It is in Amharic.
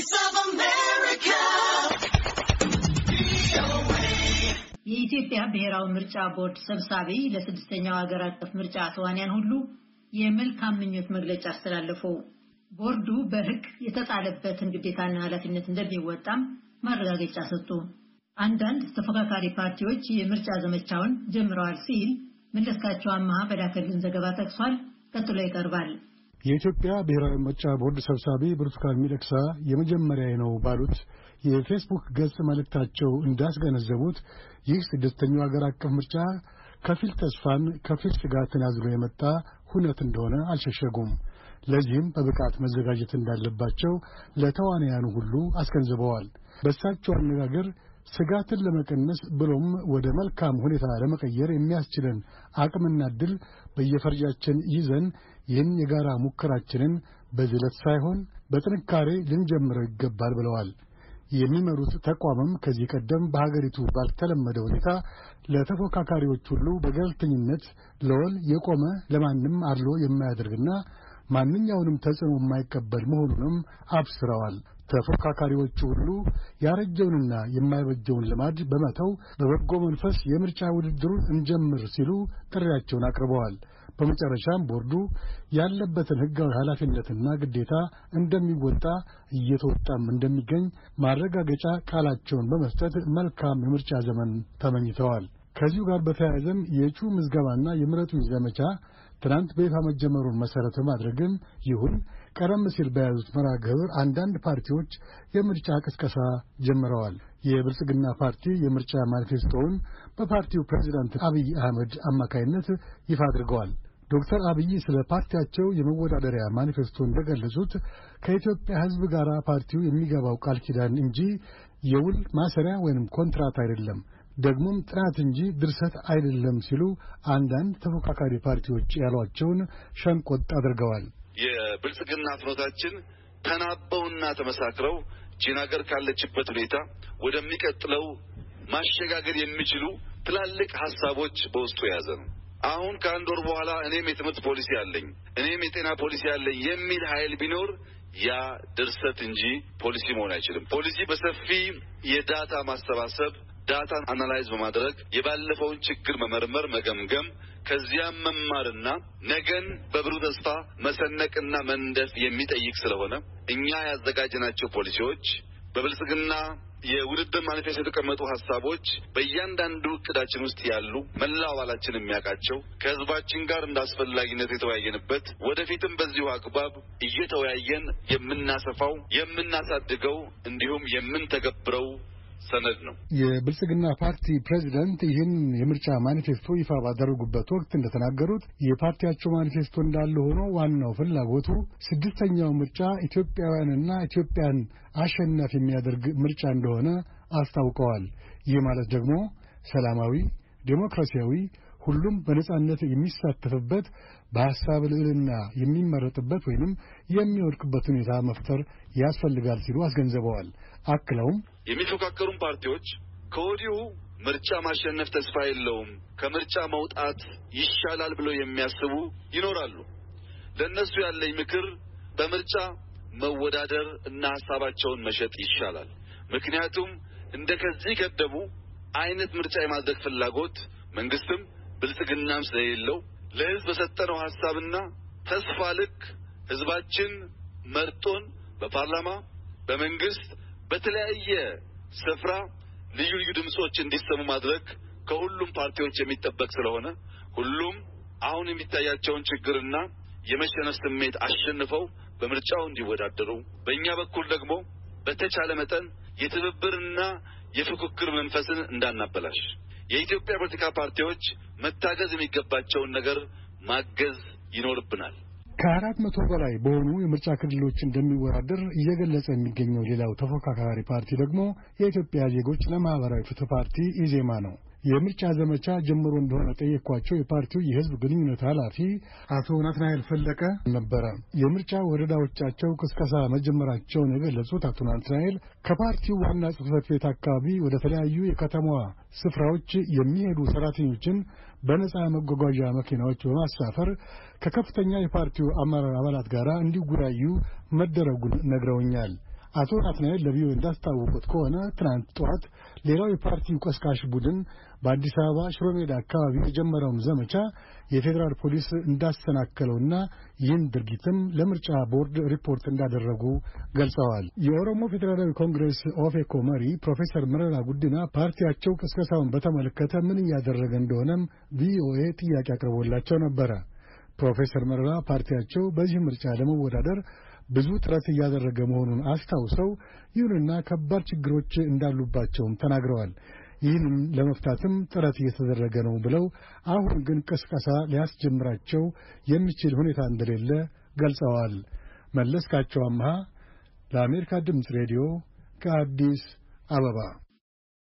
Voice of America. የኢትዮጵያ ብሔራዊ ምርጫ ቦርድ ሰብሳቢ ለስድስተኛው ሀገር አቀፍ ምርጫ ተዋንያን ሁሉ የመልካም ምኞት መግለጫ አስተላለፉ። ቦርዱ በሕግ የተጣለበትን ግዴታና ኃላፊነት እንደሚወጣም ማረጋገጫ ሰጡ። አንዳንድ ተፎካካሪ ፓርቲዎች የምርጫ ዘመቻውን ጀምረዋል ሲል መለስካቸው አማሃ በዳከልን ዘገባ ጠቅሷል። ቀጥሎ ይቀርባል። የኢትዮጵያ ብሔራዊ ምርጫ ቦርድ ሰብሳቢ ብርቱካን ሚደቅሳ የመጀመሪያ ነው ባሉት የፌስቡክ ገጽ መልእክታቸው እንዳስገነዘቡት ይህ ስድስተኛው አገር አቀፍ ምርጫ ከፊል ተስፋን ከፊል ስጋትን አዝሎ የመጣ ሁነት እንደሆነ አልሸሸጉም። ለዚህም በብቃት መዘጋጀት እንዳለባቸው ለተዋንያኑ ሁሉ አስገንዝበዋል። በእሳቸው አነጋገር ስጋትን ለመቀነስ ብሎም ወደ መልካም ሁኔታ ለመቀየር የሚያስችለን አቅምና ድል በየፈርጃችን ይዘን ይህን የጋራ ሙከራችንን በዝለት ሳይሆን በጥንካሬ ልንጀምረው ይገባል ብለዋል። የሚመሩት ተቋምም ከዚህ ቀደም በሀገሪቱ ባልተለመደ ሁኔታ ለተፎካካሪዎች ሁሉ በገለልተኝነት ለወል የቆመ ለማንም አድሎ የማያደርግና ማንኛውንም ተጽዕኖ የማይቀበል መሆኑንም አብስረዋል። ተፎካካሪዎቹ ሁሉ ያረጀውንና የማይበጀውን ልማድ በመተው በበጎ መንፈስ የምርጫ ውድድሩን እንጀምር ሲሉ ጥሪያቸውን አቅርበዋል። በመጨረሻም ቦርዱ ያለበትን ሕጋዊ ኃላፊነትና ግዴታ እንደሚወጣ እየተወጣም እንደሚገኝ ማረጋገጫ ቃላቸውን በመስጠት መልካም የምርጫ ዘመን ተመኝተዋል። ከዚሁ ጋር በተያያዘም የእጩ ምዝገባና የምረጡኝ ዘመቻ ትናንት በይፋ መጀመሩን መሠረተ በማድረግም ይሁን ቀደም ሲል በያዙት መርሃ ግብር አንዳንድ ፓርቲዎች የምርጫ ቅስቀሳ ጀምረዋል። የብልጽግና ፓርቲ የምርጫ ማኒፌስቶውን በፓርቲው ፕሬዚዳንት አብይ አህመድ አማካይነት ይፋ አድርገዋል። ዶክተር አብይ ስለ ፓርቲያቸው የመወዳደሪያ ማኒፌስቶ እንደገለጹት ከኢትዮጵያ ሕዝብ ጋር ፓርቲው የሚገባው ቃል ኪዳን እንጂ የውል ማሰሪያ ወይንም ኮንትራት አይደለም ደግሞም ጥናት እንጂ ድርሰት አይደለም ሲሉ አንዳንድ ተፎካካሪ ፓርቲዎች ያሏቸውን ሸንቆጥ አድርገዋል። የብልጽግና ፍኖታችን ተናበውና ተመሳክረው ቺን ሀገር ካለችበት ሁኔታ ወደሚቀጥለው ማሸጋገር የሚችሉ ትላልቅ ሀሳቦች በውስጡ የያዘ ነው። አሁን ከአንድ ወር በኋላ እኔም የትምህርት ፖሊሲ አለኝ፣ እኔም የጤና ፖሊሲ አለኝ የሚል ኃይል ቢኖር ያ ድርሰት እንጂ ፖሊሲ መሆን አይችልም። ፖሊሲ በሰፊ የዳታ ማሰባሰብ ዳታ አናላይዝ በማድረግ የባለፈውን ችግር መመርመር፣ መገምገም፣ ከዚያም መማርና ነገን በብሩህ ተስፋ መሰነቅና መንደፍ የሚጠይቅ ስለሆነ እኛ ያዘጋጀናቸው ፖሊሲዎች በብልጽግና የውድድር ማኒፌስቶ የተቀመጡ ሀሳቦች በእያንዳንዱ እቅዳችን ውስጥ ያሉ መላው አባላችን የሚያውቃቸው ከህዝባችን ጋር እንደ አስፈላጊነት የተወያየንበት ወደፊትም በዚሁ አግባብ እየተወያየን የምናሰፋው የምናሳድገው እንዲሁም የምንተገብረው ሰነድ ነው። የብልጽግና ፓርቲ ፕሬዚደንት ይህን የምርጫ ማኒፌስቶ ይፋ ባደረጉበት ወቅት እንደተናገሩት የፓርቲያቸው ማኒፌስቶ እንዳለ ሆኖ ዋናው ፍላጎቱ ስድስተኛው ምርጫ ኢትዮጵያውያንና ኢትዮጵያን አሸናፊ የሚያደርግ ምርጫ እንደሆነ አስታውቀዋል። ይህ ማለት ደግሞ ሰላማዊ፣ ዴሞክራሲያዊ ሁሉም በነጻነት የሚሳተፍበት በሐሳብ ልዕልና የሚመረጥበት ወይንም የሚወድቅበት ሁኔታ መፍጠር ያስፈልጋል ሲሉ አስገንዝበዋል። አክለውም የሚፎካከሩን ፓርቲዎች ከወዲሁ ምርጫ ማሸነፍ ተስፋ የለውም፣ ከምርጫ መውጣት ይሻላል ብለው የሚያስቡ ይኖራሉ። ለእነሱ ያለኝ ምክር በምርጫ መወዳደር እና ሀሳባቸውን መሸጥ ይሻላል። ምክንያቱም እንደ ከዚህ ቀደሙ አይነት ምርጫ የማድረግ ፍላጎት መንግስትም ብልጽግናም ስለሌለው ለህዝብ በሰጠነው ሀሳብና ተስፋ ልክ ህዝባችን መርጦን በፓርላማ በመንግስት በተለያየ ስፍራ ልዩ ልዩ ድምፆች እንዲሰሙ ማድረግ ከሁሉም ፓርቲዎች የሚጠበቅ ስለሆነ ሁሉም አሁን የሚታያቸውን ችግርና የመሸነፍ ስሜት አሸንፈው በምርጫው እንዲወዳደሩ በእኛ በኩል ደግሞ በተቻለ መጠን የትብብርና የፉክክር መንፈስን እንዳናበላሽ የኢትዮጵያ የፖለቲካ ፓርቲዎች መታገዝ የሚገባቸውን ነገር ማገዝ ይኖርብናል። ከአራት መቶ በላይ በሆኑ የምርጫ ክልሎች እንደሚወዳደር እየገለጸ የሚገኘው ሌላው ተፎካካሪ ፓርቲ ደግሞ የኢትዮጵያ ዜጎች ለማህበራዊ ፍትህ ፓርቲ ኢዜማ ነው። የምርጫ ዘመቻ ጀምሮ እንደሆነ ጠየኳቸው። የፓርቲው የህዝብ ግንኙነት ኃላፊ አቶ ናትናኤል ፈለቀ ነበረ። የምርጫ ወረዳዎቻቸው ቅስቀሳ መጀመራቸውን የገለጹት አቶ ናትናኤል ከፓርቲው ዋና ጽህፈት ቤት አካባቢ ወደ ተለያዩ የከተማዋ ስፍራዎች የሚሄዱ ሰራተኞችን በነፃ መጓጓዣ መኪናዎች በማሳፈር ከከፍተኛ የፓርቲው አመራር አባላት ጋር እንዲወያዩ መደረጉን ነግረውኛል። አቶ ናትናኤል ለቪኦኤ እንዳስታወቁት ከሆነ ትናንት ጠዋት ሌላው የፓርቲ ቀስቃሽ ቡድን በአዲስ አበባ ሽሮ ሜዳ አካባቢ የጀመረውን ዘመቻ የፌዴራል ፖሊስ እንዳሰናከለውና ይህን ድርጊትም ለምርጫ ቦርድ ሪፖርት እንዳደረጉ ገልጸዋል። የኦሮሞ ፌዴራላዊ ኮንግሬስ ኦፌኮ መሪ ፕሮፌሰር መረራ ጉዲና ፓርቲያቸው ቅስቀሳውን በተመለከተ ምን እያደረገ እንደሆነም ቪኦኤ ጥያቄ አቅርቦላቸው ነበረ። ፕሮፌሰር መረራ ፓርቲያቸው በዚህ ምርጫ ለመወዳደር ብዙ ጥረት እያደረገ መሆኑን አስታውሰው ይሁንና ከባድ ችግሮች እንዳሉባቸውም ተናግረዋል። ይህንም ለመፍታትም ጥረት እየተደረገ ነው ብለው አሁን ግን ቅስቀሳ ሊያስጀምራቸው የሚችል ሁኔታ እንደሌለ ገልጸዋል። መለስካቸው አምሃ ለአሜሪካ ድምፅ ሬዲዮ ከአዲስ አበባ